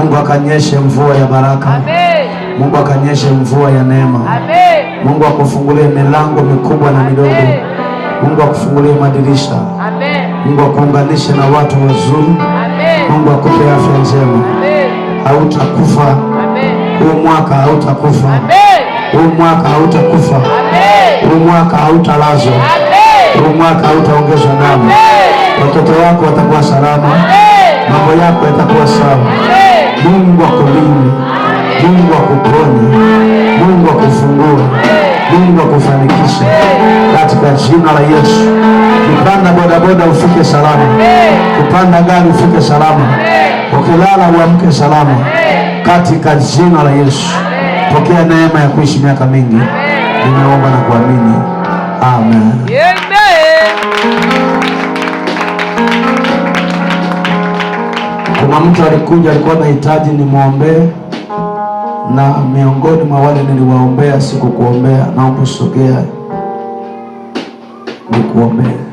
Mungu akanyeshe mvua ya baraka. Amen. Mungu akanyeshe mvua ya neema. Amen. Mungu akufungulie milango mikubwa na midogo. Amen. Mungu akufungulie madirisha. Amen. Mungu akuunganishe na watu wazuri. Amen. Mungu akupe afya njema. Amen. Hautakufa. Amen. Huu mwaka hautakufa. Amen. Huu mwaka hautakufa. Amen. Huu mwaka hautalazwa. Amen. Huu mwaka hautaongezwa damu. Watoto wako watakuwa salama. Mambo yako yatakuwa sawa. Mungu akulinde, Mungu akuponye, Mungu akufungue, Mungu akufanikishe katika jina la Yesu. Kupanda bodaboda ufike salama, kupanda gari ufike salama, ukilala uamke salama katika jina la Yesu. Pokea neema ya kuishi miaka mingi, ninaomba na kuamini, amen. Kuna mtu alikuja alikuwa anahitaji nimwombee, na miongoni mwa wale niliwaombea, sikukuombea. Naomba ni nikuombee.